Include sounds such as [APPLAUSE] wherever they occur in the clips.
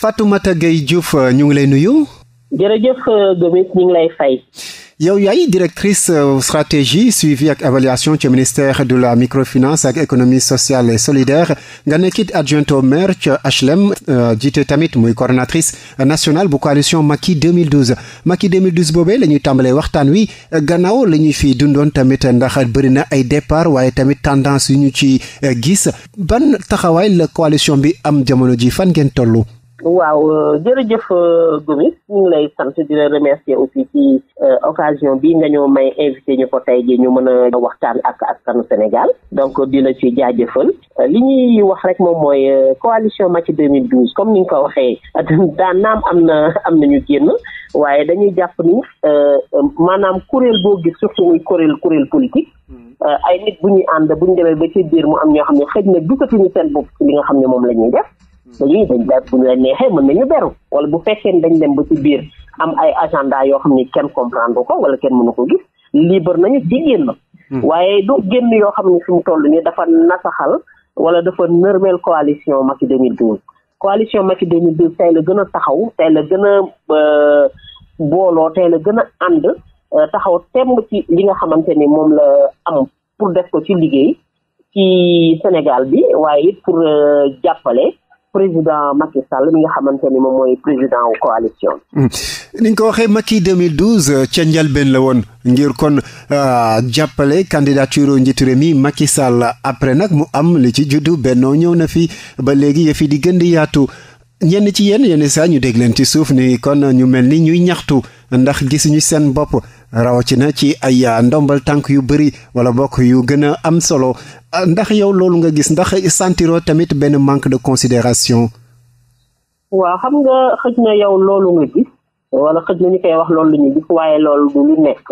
Fatoumata Gueye Diouf euh, ñu ngi lay nuyu. jërëjëf euh, yow yaay directrice euh, stratégie suivi ak évaluation ci ministère de la microfinance ak économie sociale et solidaire nga nekkit adjointe au maire ca HLM jiite tamit muy coordonnatrice nationale bu coalition Macky 2012 Macky 2012 boobee la ñuy tàmbalee waxtaan wi gannaaw la ñuy fi dundoon tamit ndax bëri na ay départ waaye tamit tendance yu ñu ci gis ban taxawaay la coalition bi am jamono ji fan ngeen tollu waaw euh, jërëjëf euh, Gomis ñu ngi lay sant di la remercier ci euh, occasion bi nga ñoo may invité ñu ko ji ñu mën a waxtaan ak askanu Sénégal donc di la ci jaajëfal li ñuy wax rek moom mooy coalition Macky 2012 comme ni nga ko waxee [LAUGHS] daan naam am na am nañu génn waaye dañuy jàpp ni maanaam kuréel boo gis surtout muy kuréel kuréel politique ay nit bu ñuy ànd bu ñu demee ba ci biir mu am ñoo xam ne xëj na gisatuñu seen bopp ci li nga xam ne moom la ñuy def dañuy dañ jàpp ne neexee mën nañu beru wala bu fekkee ne dañ dem ba ci biir am ay agenda yoo xam ni kenn comprendre ko wala kenn mënu ko gis libre nañu ci génn hmm. waaye du génn yoo xam ne fi mu toll nii dafa nasaxal wala dafa nërmeel coalition Macky 2012 coalition Macky 2012 tey la gën a taxaw tey la gën a euh, booloo tey la gën a ànd euh, taxaw temb ci li nga xamante ni moom la am pour def ko ci liggéey ci Sénégal bi waaye it pour euh, jàppale président Macky nga xamante ni moom mooy président wu coalition bi. Hmm. ni nga ko waxee Macky 2012 euh, ca la woon ngir kon euh, jàppale candidature njiitu réew mi Macky après nag mu am li ci juddu Benno ñëw na fi ba léegi yëf yi di gën di yaatu ñenn ci yéen yenn saa ñu dégg ci suuf ni kon ñu mel ni ñuy ñaxtu ndax gisuñu seen bopp. rawatina ci ay ndombal tànk yu bëri wala bokk yu gën a am solo ndax yow loolu nga gis ndax sentiroo tamit benn manque de considération waaw xam nga xëj na yow loolu nga gis wala xëj nañu koy wax loolu ñu gis waaye loolu du lu nekk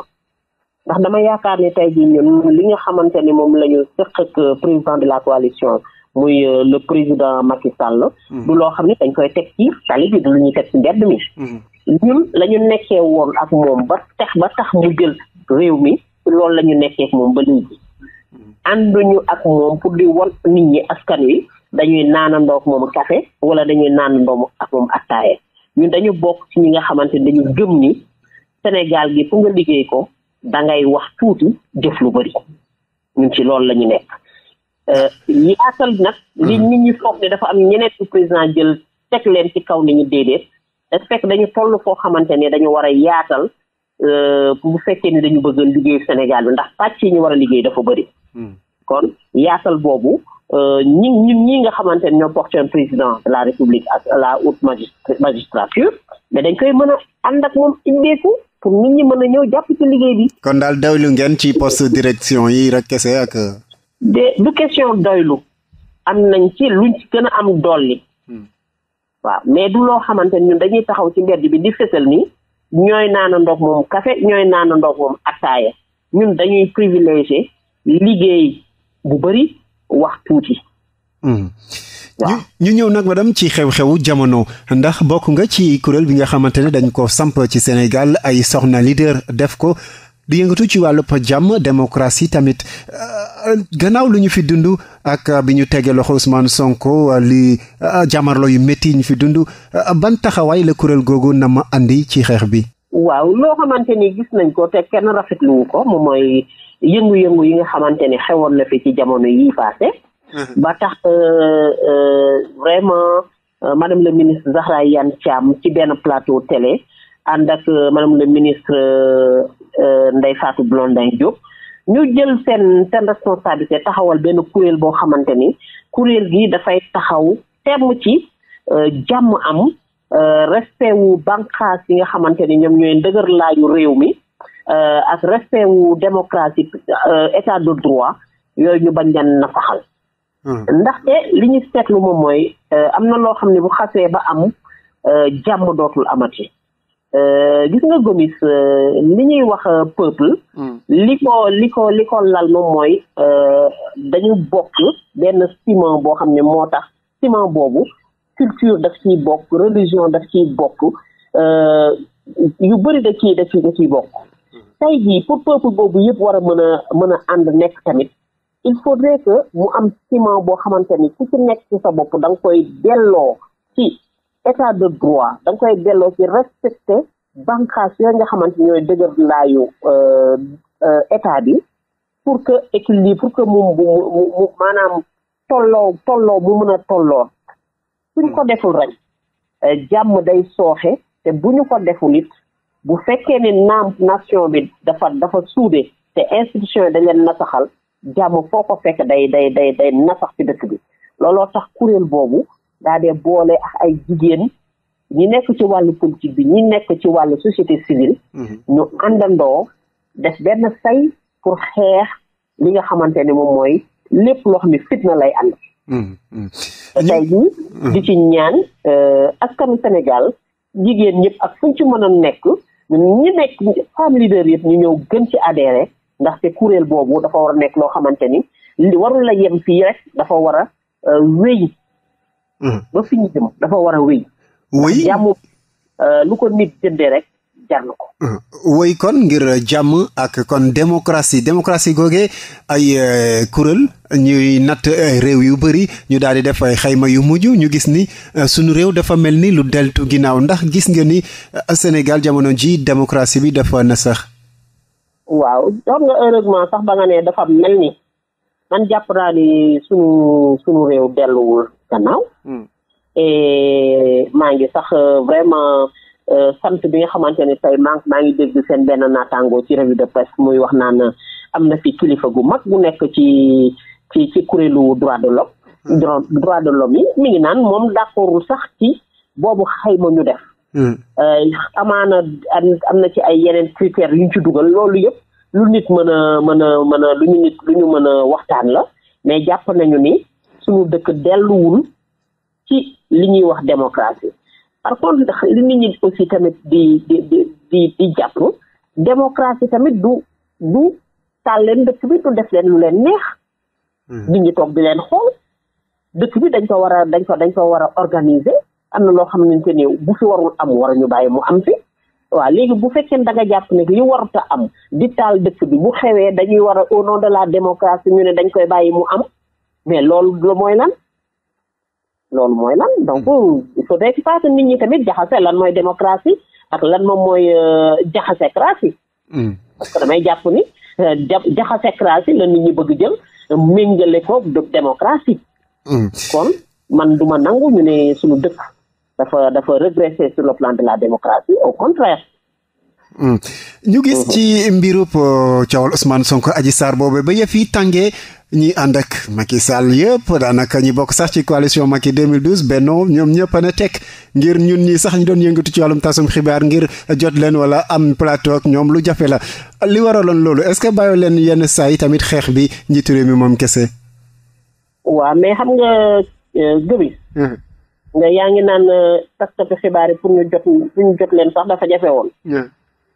ndax dama yaakaar ni tey jii ñun li nga xamante ni moom lañu ñu sëq euh, président de la coalition muy euh, le président Macky Sall. Hmm. du loo xam ne dañ koy teg ci tali du lu ñuy teg ci mi. Hmm. ñun la nekkee woon ak moom ba tax ba tax mu jël réew mi loolu lañu ñu nekkee moom ba léegi ànduñu ak moom pour di won nit ñi askan wi dañuy naanandoo ak moom wala dañuy naanandoo ak moom attaaya ñu dañu bokk ci ñi nga xamante ni dañu gëm ni Sénégal gi fu nga liggéey ko dangay wax tuuti jëf lu bëri ñun ci loolu lañu nekk euh, yaatal nag li hmm. nit ñi foog ne dafa am ñeneen président jël teg leen ci kaw ni ñu déedéet dafa fekk dañu toll foo xamante ne dañu war a yaatal euh, bu fekkee ni dañu bëgg liggéey Sénégal bi ndax pàcc yi ñu war a liggéey dafa bëri. Hmm. kon yaatal boobu euh, ñi ñun ñi nga xamante ne ñoo porté président de la république ak la haute magistrature mais dañ koy mën a ànd ak moom ibbeeku pour nit ñi mën a ñëw jàpp ci liggéey bi. kon daal doylu ngeen ci poste direction yi rek kese ak. de du question doylu am nañ ci luñ ci gën a am dolli waaw mais du loo xamante ni ñun dañuy taxaw ci mbedd bi di fësal ni ñooy naan ndox moom café ñooy naan ndox moom attaaya ñun dañuy privilégié liggéey bu bari wax tuuti. Hmm. ñu ñëw nag madame ci xew-xewu jamono ndax bokk nga ci kuréel bi nga xamante ne dañ ko samp ci Sénégal ay soxna leader def ko di yëngatu ci wàllub jàmm démocratie tamit euh, gannaaw lu ñu fi dund. ak bi ñu tegee loxo Ousmane Sonko li ah, jàmmarloo yu métti ñu fi dund ah, ban taxawaay la kuréel googu na ma andi ci xeex bi. waaw loo xamante ni gis nañ ko te kenn rafetluwu ko moom mooy yëngu-yëngu yi nga xamante ni xewoon na fi ci jamono yi passé ba tax euh, euh, vraiment euh, madame le ministre Zahra Iyane Thiam ci benn plateau télé ànd ak madame la ministre Ndeye Fatou Blondin Diop ñu jël seen ten responsabilité taxawal benn kuréel boo xamante ni kuréel gi dafay taxaw temm ci euh, jàmm am euh, respect wu bànqaas yi nga xamante ni ñoom ñooy ndëgër laayu réew mi euh, ak respect wu démocratique état de droit yooyu ñu bañ leen na faxal hmm. ndaxte li ñu seetlu moom mooy am na loo xam ne bu xasee ba am jàmm dootul amati Euh, gis nga Gomis li euh, ñuy wax euh, peuple hmm. li ko li ko li ko lal moom mooy dañu bokk benn ciment boo xam ne moo tax ciment boobu culture daf ciy bokk religion daf ciy bokk yu bëri da ciy da ciy ciy bokk tey jii pour peuple boobu yëpp war a mën a mën a ànd nekk tamit il faudrait que mu am ciment boo xamante ni ku ci nekk ci sa bopp da nga koy delloo ci état de droit da koy delloo ci respecté bànqaas yooyu nga xamante ñooy dëgër laayu euh, euh, état bi pour que équilibre pour que mu mu maanaam tolloo tolloo bu mën a tolloo suñ ko deful rek euh, jàmm day sooxe te bu ñu ko deful it bu fekkee ne naam nation bi dafa dafa suude te institution yi dañ leen nasaxal jàmm foo ko fekk day day day day nasax ci dëkk bi looloo tax kuréel boobu daa dee boole ak ay jigéen ñi nekk ci wàllu politique bi ñi nekk ci wàllu société civile mhm. ñu àndandoo def benn say pour xeex li nga xamante ne moom mooy lépp loo ni ne fitna lay ànd mhm. Mhm. tey jii di ci ñaan ak euh, askanu Sénégal jigéen ñëpp ak fuñ ci mën a nekk ñi nekk femme leader yëpp ñu ñëw gën ci adhéré ndaxte kuréel boobu dafa war a nekk loo xamante ni li warul la yem fii rek dafa war a euh, wéy Hmm. ba fi ñu jëm dafa war a wéy. wéy euh, lu ko nit jëndee rek jar na ko. Hmm. wéy kon ngir jàmm ak kon démocratie démocratie googee ay euh, kuréel ñuy natt euh, réew yu bari ñu daal di def ay xayma yu mujj ñu gis ni sunu réew dafa mel ni lu deltu ginnaaw ndax gis nga ni Sénégal jamono ji démocratie bi dafa na sax. waaw xam nga heureusement sax ba nga ne dafa mel ni man jàpp naa ni sunu sunu réew delluwul gannaaw. Hmm. et maa ngi sax euh, vraiment euh, sant bi nga xamante ne tey maa maa ngi dégg seen benn naataango ci revue de presse muy wax naan am na fi kilifa gu mag bu nekk ci ci ci kuréelu droit de l'homme hmm. droit de l'homme yi mi ngi naan moom d'accordul sax ci boobu xayma ñu def hmm. euh, amaana am na ci ay yeneen critères yu ñu ci dugal loolu yëpp lu nit mën a mën a mën a lu nit lu ñu mën a waxtaan la mais jàpp nañu ni suñu dëkk delluwul ci li ñuy wax démocratie par contre ndax li nit ñi tamit di di di di di jàpp démocratie tamit du du taal leen dëkk bi du def leen lu leen neex hmm. nit ñi toog di leen xool dëkk bi dañ ko war a dañ ko dañ ko war a organiser am na loo xam nañu ne bu fi warul am war ñu bàyyi mu am fi waaw léegi bu fekkee da nga jàpp ne li warut a am di taal dëkk bi bu xewee dañuy war a au de la démocratie ñu ne dañ koy bàyyi mu am mais loolu la mooy lan loolu mooy lan donc hmm. il faut que façon nit ñi tamit jaxase lan mooy démocratie ak lan moom mooy euh, jaxasekratie hmm. parce que damay jàpp ni euh, jaxasekratie la nit ñi bëgg jël méngale ko dëkk démocratie hmm. kon man duma nangu ñu ne suñu dëkk dafa dafa régresser sur le plan de la démocratie au contraire Mm. ñu gis ci mbirub uh, coowal Ousmane Sonko aji Sarr boobu ba yëf yi tàngee ñi ànd ak Macky Sall yëpp daanaka ñi bokk sax ci coalition Macky 2012 Benno ñoom ñëpp a na teg ngir ñun ñi sax ñu doon yëngatu ci wàllum tasum xibaar ngir jot leen wala am plateau ñoom lu jafe la li waraloon loolu est-ce que bàyyi leen yenn saa yi tamit xeex bi njiitu réew mi moom kese. waaw mais xam nga euh, gëbi mm-hmm. nga yaa ngi naan euh, taskatu xibaar yi pour ñu jot leen sax dafa jafe woon.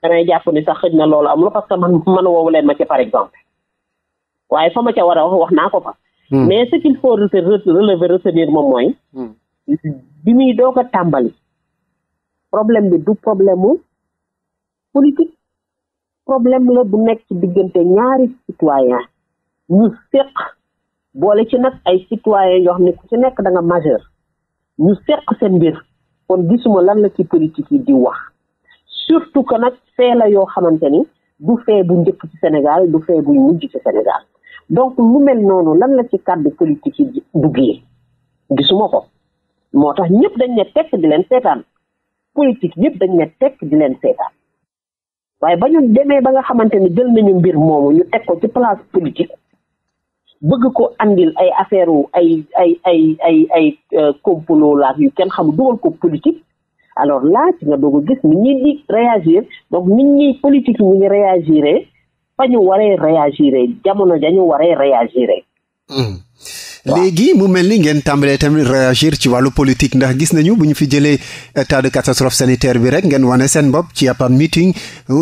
damay jàpp ni sax xëj na loolu amul parce que man man woowu leen ma ci par exemple waaye fa ma ca war a wax naa ko fa. Hmm. mais ce qu'il faut relever retenir moom mooy. Hmm. bi muy doog a tàmbali. problème bi du problème mu problème la bu nekk ci diggante ñaari citoyen ñu séq boole ci nag ay citoyen yoo xam ne ku ci nekk da nga majeur ñu séq seen mbir kon gisuma lan la ci politique yi di wax surtout ko nag fee yoo xamante ni du fee bu njëkk ci Sénégal du fee buy mujj ci Sénégal donc lu mel noonu lan la ci kàddu politique yi duggee gisuma ko moo tax ñëpp dañ ne tekk di leen seetaan politique ñëpp dañ tekk di leen seetaan waaye ba ñu demee ba nga xamante ni jël nañu mbir moomu ñu teg ko ci place politique bëgg ko andil ay affaire ay ay ay ay ay euh, complot laak yu kenn xamul dugal ko politique alors là ci nga doog a gis nit ñi di réagir donc nit ñi politique ñu ngi réagir fa ñu waree réagir jamono ja ñu waree réagir. Hmm. léegi mu mel ni ngeen tàmbalee tamit réagir ci wàllu politique ndax gis nañu bu ñu fi jëlee état de catastrophe sanitaire bi rek ngeen wane seen bopp ci ab meeting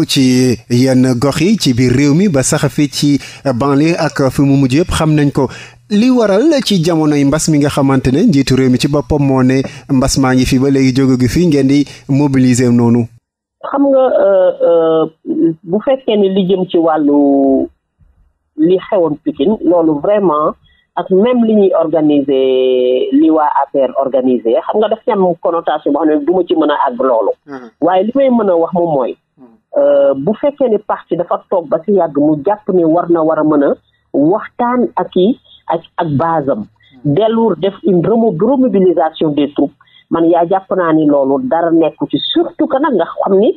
ci yenn gox yi ci biir réew mi ba sax fi ci banlieue ak fi mu mujj yëpp xam nañ ko li waral ci jamonoy mbas mi nga xamante ne njiitu réew mi ci boppam moo ne mbas maa ngi fi ba léegi jóge gi fii ngeen di mobiliser noonu. xam nga euh, euh, bu fekkee ne li jëm ci wàllu li xewoon Pikine loolu ak même li ñuy organiser li waa APR organiser xam nga def ci am connotation boo xam ne du ma ci mën a àgg loolu. Mhm. waaye li may mën a wax moom mooy. Mhm. Euh, bu fekkee ne parti dafa toog ba ci yàgg mu jàpp ni war na war a mën a waxtaan ak i ak ak base am. Mhm. dellu def une remobilisation des troupes man yaa jàpp naa ni loolu dara nekku ci surtout que nag nga xam ni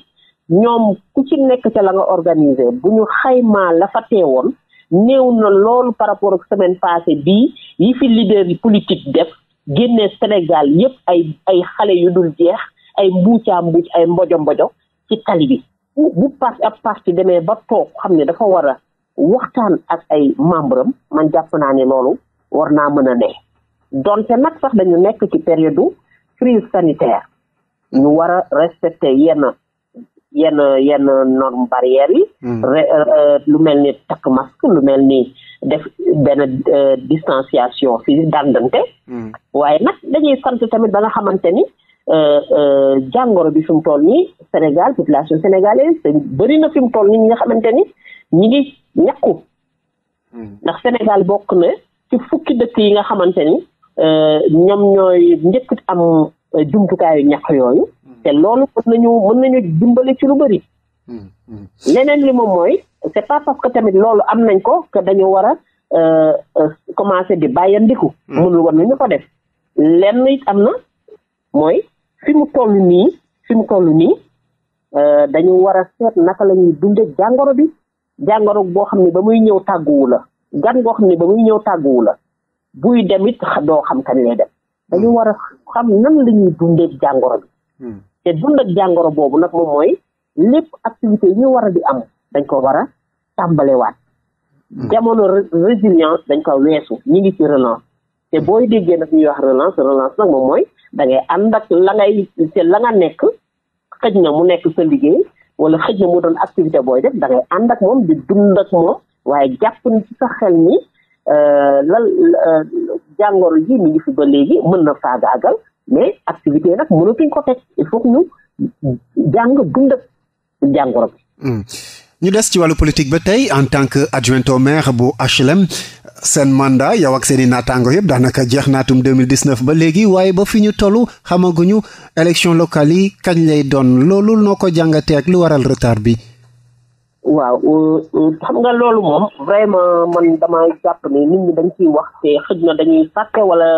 ñoom ku ci nekk ca la nga organiser bu ñu xaymaa la fa teewoon. néew na loolu par rapport ak semaine passée bii yi fi leader yi politique def génne Sénégal yépp ay ay xale yu dul jeex ay mbuucaa mbuuc ay mbojo mbojo ci tali bi bu parti ab parti demee ba toog xam ne dafa war a waxtaan ak ay membre am jàpp naa ne loolu war naa mën a ne donte nag sax dañu nekk ci période crise sanitaire ñu war a respecter yenn yenn yenn norme barrières yi hmm. euh, euh, lu mel ni takk masque lu mel ni def benn euh, distanciation fi dàndante hmm. waaye nag dañuy sant tamit ba nga xamante ni jàngoro bi fi tool nii Sénégal population sénégalaise te bëri na fi mu toll nii nga xamante ni ñi ngi ñàkku hmm. ndax Sénégal bokk na ci fukki dëkk yi nga xamante ni ñam ñooy njëkk am jumtukaayu ñàkk yooyu te loolu mën nañu mën nañu dimbali ci lu bari hmm, hmm. leneen li moom mooy c'est pas parce que tamit loolu am nañ ko que dañu war a euh, euh, commencer di bàyyandiku. Hmm. mënul war nañu ko def lenn it am na mooy fi mu toll nii fi mu toll nii euh, dañu war a seet naka la ñuy dunde jàngoro bi jàngoro boo xam ne ba muy ñëw tàgguwu la gan goo xam ne ba muy ñëw tàgguwu la buy dem it doo xam kañ lay dem dañu war a xam nan la ñuy dunde jàngoro bi te dund ak jàngoro boobu nag moom mooy lépp activité yi ñu war a di am dañ ko war a tàmbalewaat hmm. jamono résilience dañ ko weesu ñi ngi ci relance te hmm. booy déggee nag ñuy wax relance relance nag moom mooy dangay ànd ak la ngay te la nga nekk xëj na mu nekk sa liggéey wala xëj na mu doon activité booy def dangay ànd ak moom di dund ak moom waaye jàpp ni ci sa xel ni euh, lan euh, jàngoro ji mi ngi fi ba léegi mën na faagaagal mais activité nag mënatuñ ko teg il faut ñu jàng dund ak jàngoro hmm. ñu des ci wàllu politique ba tey en tant que adjoint au bu HLM seen mandat yow ak seen i naataango yëpp daanaka jeex naatum 2019 ba léegi waaye ba fi ñu toll xamaguñu élection locale yi kañ lay doon loolu noo ko jàngatee ak lu waral retard bi. waaw euh, euh, xam nga loolu moom vraiment man dama jàpp ne nit ñi dañ ciy wax te xëj na dañuy fàtte wala.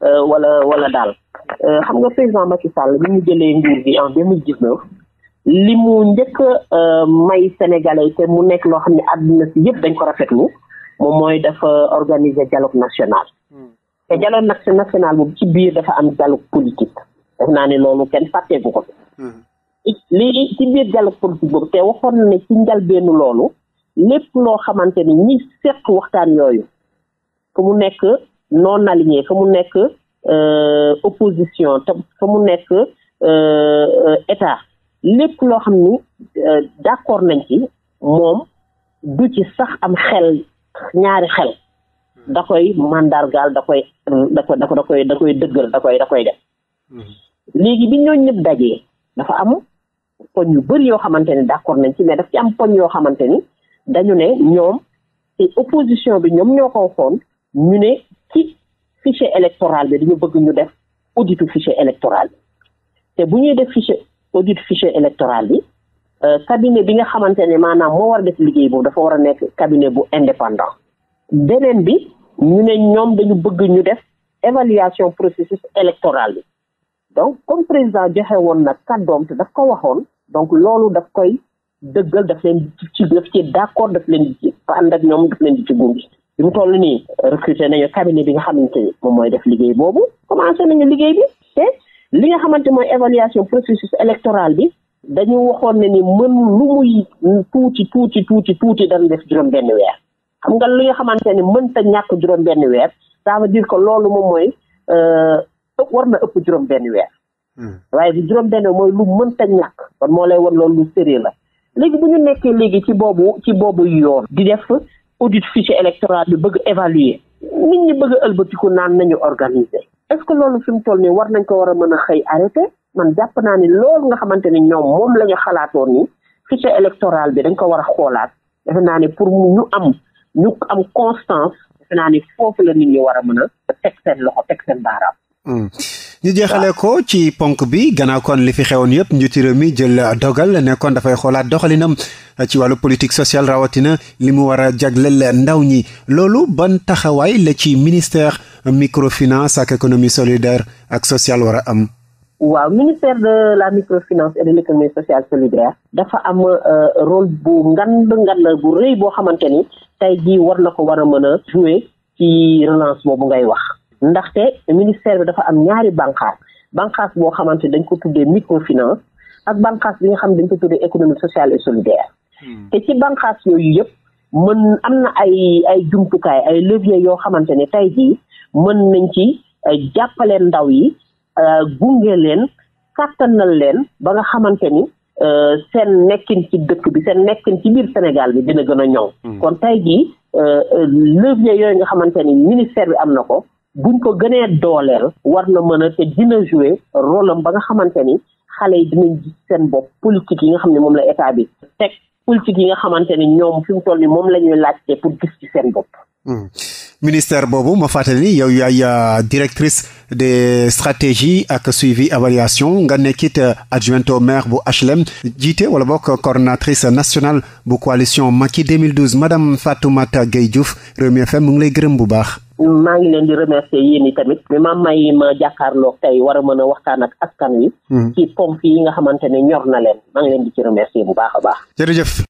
Euh, wala wala daal euh, xam nga président Macky Sall bi mu jëlee li mu njëkk euh, may sénégalais te mu nekk loo xam ne àdduna si yëpp dañ ko rafet lu moom mooy dafa organiser dialogue national hmm. te dialogue national boobu ci biir dafa am dialogue politique def naa ne loolu kenn fàtteegu ko hmm. lii ci biir dialogue politique boobu te waxoon ne ci njalbeenu loolu lépp loo xamante ni ñi set waxtaan yooyu ku mu nekk non aligné fa mu nekk euh, opposition te fa mu nekk euh, état lépp loo xam ni euh, d'accord nañ ci moom du ci sax am xel ñaari xel da koy mandargaal da koy da ko da ko da koy da koy dëggal da koy da koy def mm-hmm. léegi bi ñooñu ñëpp dajee dafa am poñ yu bëri yoo xamante ni d'accord nañ ci mais daf ci am poñ yoo xamante ni dañu ne ñoom te opposition bi ñoom ñoo ko waxoon ñu ne ci fichier électoral bi dañu bëgg ñu def auditu fichier électoral bi te bu ñuy def fichier audit fichier électoral bi euh, cabinet bi nga xamante ne maanaam moo war a def liggéey boobu dafa war a nekk cabinet bu indépendant beneen bi ñu ne ñoom dañu bëgg ñu def évaluation processus électoral bi donc comme président joxe woon na kàddoom te daf ko waxoon donc loolu daf koy dëggal daf leen ci daf ci d'accord daf leen di ci ànd ak ñoom daf leen di ci bi mu toll nii recruté nañu cabinet bi nga xamante ni moom mooy def liggéey boobu commencé nañu liggéey bi te li nga xamante mooy évaluation processus électoral bi dañu waxoon na ni mën lu muy tuuti tuuti tuuti tuuti dañ def juróom benn weer xam nga li nga xamante ni mën ta ñàkk juróom benn weer ça veut ko loolu moom mooy euh, war na ëpp juróom benn weer hmm. waaye bi juróom benn mooy lu mën ta ñàkk kon moo lay wan loolu lu sérieux la léegi bu ñu nekkee léegi ci boobu ci boobu yoon di def audit fichier électoral bi bëgg évaluer nit ñi bëgg a ëlbatiku naan nañu organiser est-ce que loolu fi mu toll nii war nañ ko war a mën a xëy arrêté man jàpp naa ni loolu nga xamante ni ñoom moom la ñu xalaatoon ni fichier électoral bi dañ ko war a xoolaat defe naa ni pour ñu am ñu am constance defe naa ni foofu la nit ñi war a mën a teg seen loxo teg seen baaraam. Hmm. ñu jeexale ah. ko ci ponk bi gannaaw kon li fi xewoon yëpp njiitu réew mi jël dogal nekkoon dafay xoolaat doxalinam ci wàllu politique sociale rawatina li mu war a jagleel ndaw ñi loolu ban taxawaay la ci ministère microfinance ak économie solidaire ak social war a am waaw ministère de la microfinance et de l'économie sociale solidaire dafa am euh, rôle bu ngand ngand bu rëy boo xamante ni tey jii war na ko war a mën a jouer ci relance boobu ngay wax ndaxte ministère bi dafa am ñaari banqaas banqaas boo xamante dañ ko tuddee microfinance ak banqaas bi nga xam dañ ko tuddee économie sociale et solidaire hmm. te ci banqaas yooyu yëpp mën am na ay ay jumtukaay ay levier yoo xamante ne tey jii mën nañ ci eh, jàppale ndaw yi eh, gunge leen kàttanal leen ba nga xamante ni eh, seen nekkin ci dëkk bi seen nekkin ci biir Sénégal bi dina gën a ñoŋ hmm. kon tey jii levier yooyu nga xamante ni ministère bi am na ko buñ ko gënee dooleel war na mën a te dina jouer rôle am ba nga xamante ni xale yi dinañ gis seen bopp politique yi nga xam ne moom la état bi teg politique yi nga xamante ni ñoom fi mu toll ni moom la ñuy laajte pour gis ci seen bopp Hmm. ministère boobu ma fàttali ni yow yaay euh, directrice des stratégies ak suivi évaluation nga nekkit euh, adjointe au maire bu HLM jiite wala bokk coordonnatrice nationale bu coalition Macky 2012 madame Fatoumata Gueye Diouf Rewmi fem mu ngi lay gërëm bu baax. maa ngi leen di remercier yéen i tamit mais ma may ma jàkkaarloog tey war a mën a waxtaan ak askan wi. Hmm. ci pompe yi nga xamante ne ñor na leen maa ngi leen di ci remercier bu baax a baax.